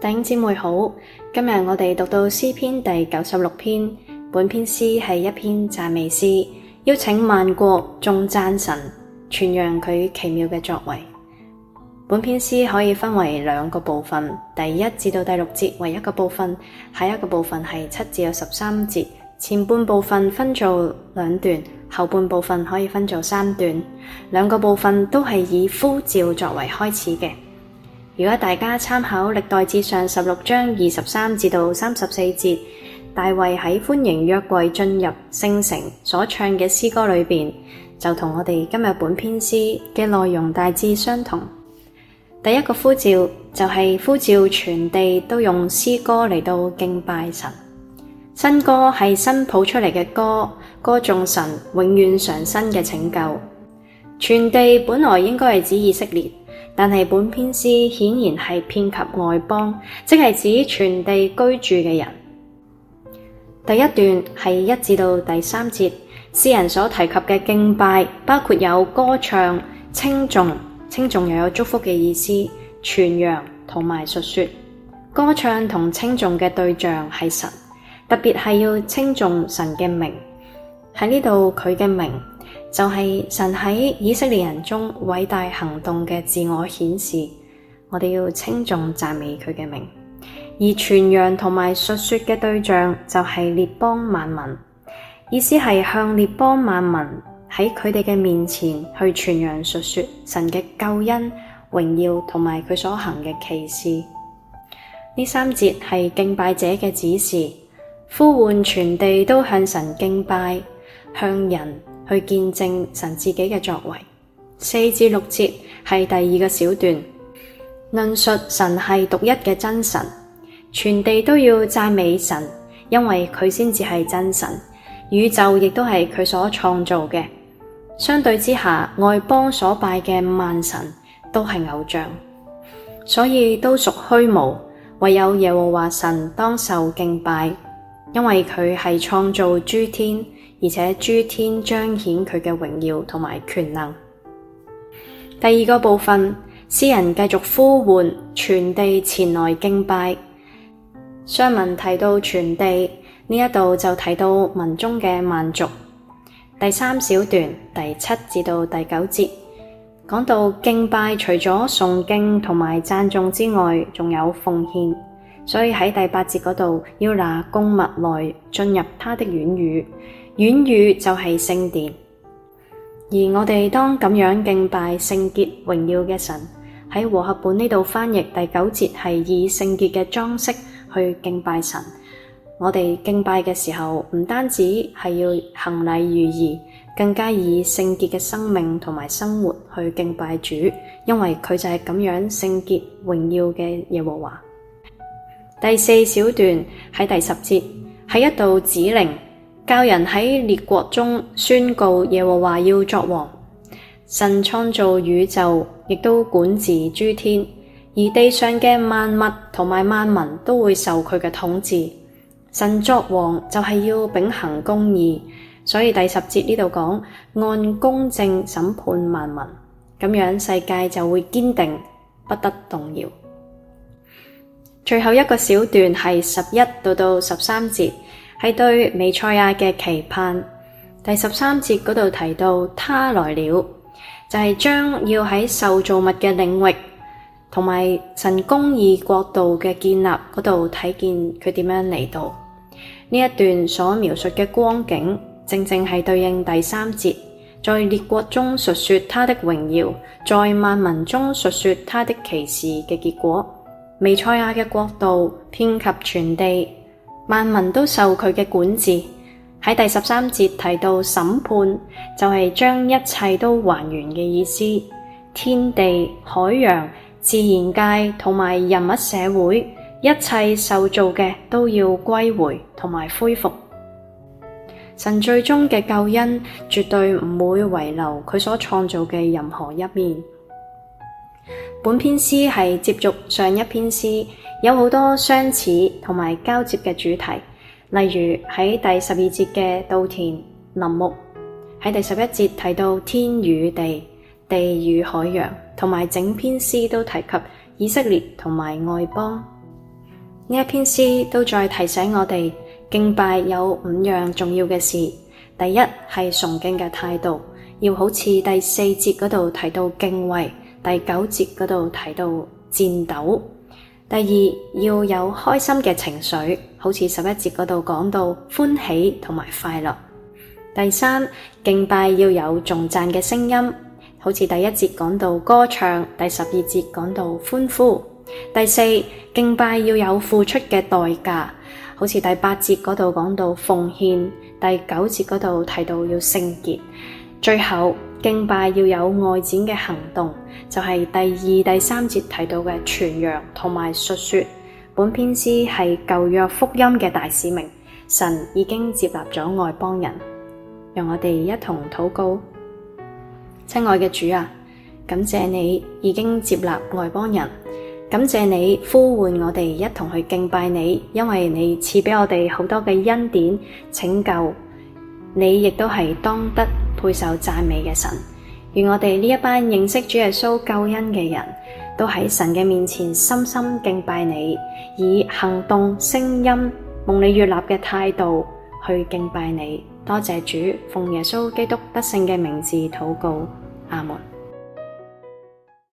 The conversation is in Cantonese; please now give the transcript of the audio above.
弟兄姐妹好，今日我哋讀到詩篇第九十六篇，本篇詩係一篇讚美詩，邀請萬國眾讚神，傳揚佢奇妙嘅作為。本篇詩可以分為兩個部分，第一至到第六節為一個部分，下一個部分係七至十三節。前半部分分做兩段，後半部分可以分做三段。兩個部分都係以呼召作為開始嘅。如果大家參考歷代志上十六章二十三至到三十四節，大衛喺歡迎約櫃進入聖城所唱嘅詩歌裏邊，就同我哋今日本篇詩嘅內容大致相同。第一個呼召就係呼召全地都用詩歌嚟到敬拜神。新歌係新譜出嚟嘅歌，歌頌神永遠常新嘅拯救。全地本來應該係指以色列。但係本篇詩顯然係遍及外邦，即係指全地居住嘅人。第一段係一至到第三節，詩人所提及嘅敬拜包括有歌唱、稱頌、稱頌又有祝福嘅意思、傳揚同埋述說。歌唱同稱頌嘅對象係神，特別係要稱頌神嘅名。喺呢度佢嘅名就係神喺以色列人中偉大行動嘅自我顯示，我哋要稱頌讚美佢嘅名。而傳揚同埋述說嘅對象就係列邦萬民，意思係向列邦萬民喺佢哋嘅面前去傳揚述說神嘅救恩、榮耀同埋佢所行嘅奇事。呢三節係敬拜者嘅指示，呼喚全地都向神敬拜。向人去見證神自己嘅作為。四至六節係第二個小段，論述神係獨一嘅真神，全地都要讚美神，因為佢先至係真神，宇宙亦都係佢所創造嘅。相對之下，外邦所拜嘅萬神都係偶像，所以都屬虛無。唯有耶和華神當受敬拜，因為佢係創造諸天。而且諸天彰顯佢嘅榮耀同埋權能。第二個部分，詩人繼續呼喚全地前來敬拜。上文提到全地呢一度就提到民中嘅萬族。第三小段第七至到第九節，講到敬拜除咗誦經同埋讚頌之外，仲有奉獻。所以喺第八節嗰度要拿供物來進入他的院宇。院宇就係聖殿，而我哋當咁樣敬拜聖潔榮耀嘅神。喺和合本呢度翻譯第九節係以聖潔嘅裝飾去敬拜神。我哋敬拜嘅時候唔單止係要行禮如儀，更加以聖潔嘅生命同埋生活去敬拜主，因為佢就係咁樣聖潔榮耀嘅耶和華。第四小段喺第十節，係一道指令。教人喺列國中宣告耶和華要作王，神創造宇宙，亦都管治諸天，而地上嘅萬物同埋萬民都會受佢嘅統治。神作王就係要秉行公義，所以第十節呢度講按公正審判萬民，咁樣世界就會堅定，不得動搖。最後一個小段係十一到到十三節。係對彌賽亞嘅期盼，第十三節嗰度提到他來了，就係、是、將要喺受造物嘅領域同埋神公義國度嘅建立嗰度睇見佢點樣嚟到呢一段所描述嘅光景，正正係對應第三節，在列國中述說他的榮耀，在萬民中述說他的奇事嘅結果，彌賽亞嘅國度遍及全地。萬民都受佢嘅管治。喺第十三節提到審判，就係將一切都還原嘅意思。天地、海洋、自然界同埋人物社會，一切受造嘅都要歸回同埋恢復。神最終嘅救恩絕對唔會遺留佢所創造嘅任何一面。本篇詩係接續上一篇詩。有好多相似同埋交接嘅主題，例如喺第十二節嘅稻田林木，喺第十一節提到天與地、地與海洋，同埋整篇詩都提及以色列同埋外邦。呢一篇詩都在提醒我哋敬拜有五樣重要嘅事：第一係崇敬嘅態度，要好似第四節嗰度提到敬畏，第九節嗰度提到戰抖。第二要有開心嘅情緒，好似十一節嗰度講到歡喜同埋快樂。第三，敬拜要有頌讚嘅聲音，好似第一節講到歌唱，第十二節講到歡呼。第四，敬拜要有付出嘅代價，好似第八節嗰度講到奉獻，第九節嗰度提到要聖潔。最後。敬拜要有外展嘅行動，就係、是、第二、第三節提到嘅傳揚同埋述說。本篇詩係舊約福音嘅大使命，神已經接納咗外邦人，讓我哋一同禱告。親愛嘅主啊，感謝你已經接納外邦人，感謝你呼喚我哋一同去敬拜你，因為你賜俾我哋好多嘅恩典拯救。你亦都係當得配受讚美嘅神。願我哋呢一班認識主耶穌救恩的人，都喺神嘅面前深深敬拜你，以行動聲音蒙里悅納嘅態度去敬拜你。多謝主，奉耶穌基督得勝嘅名字禱告。阿門。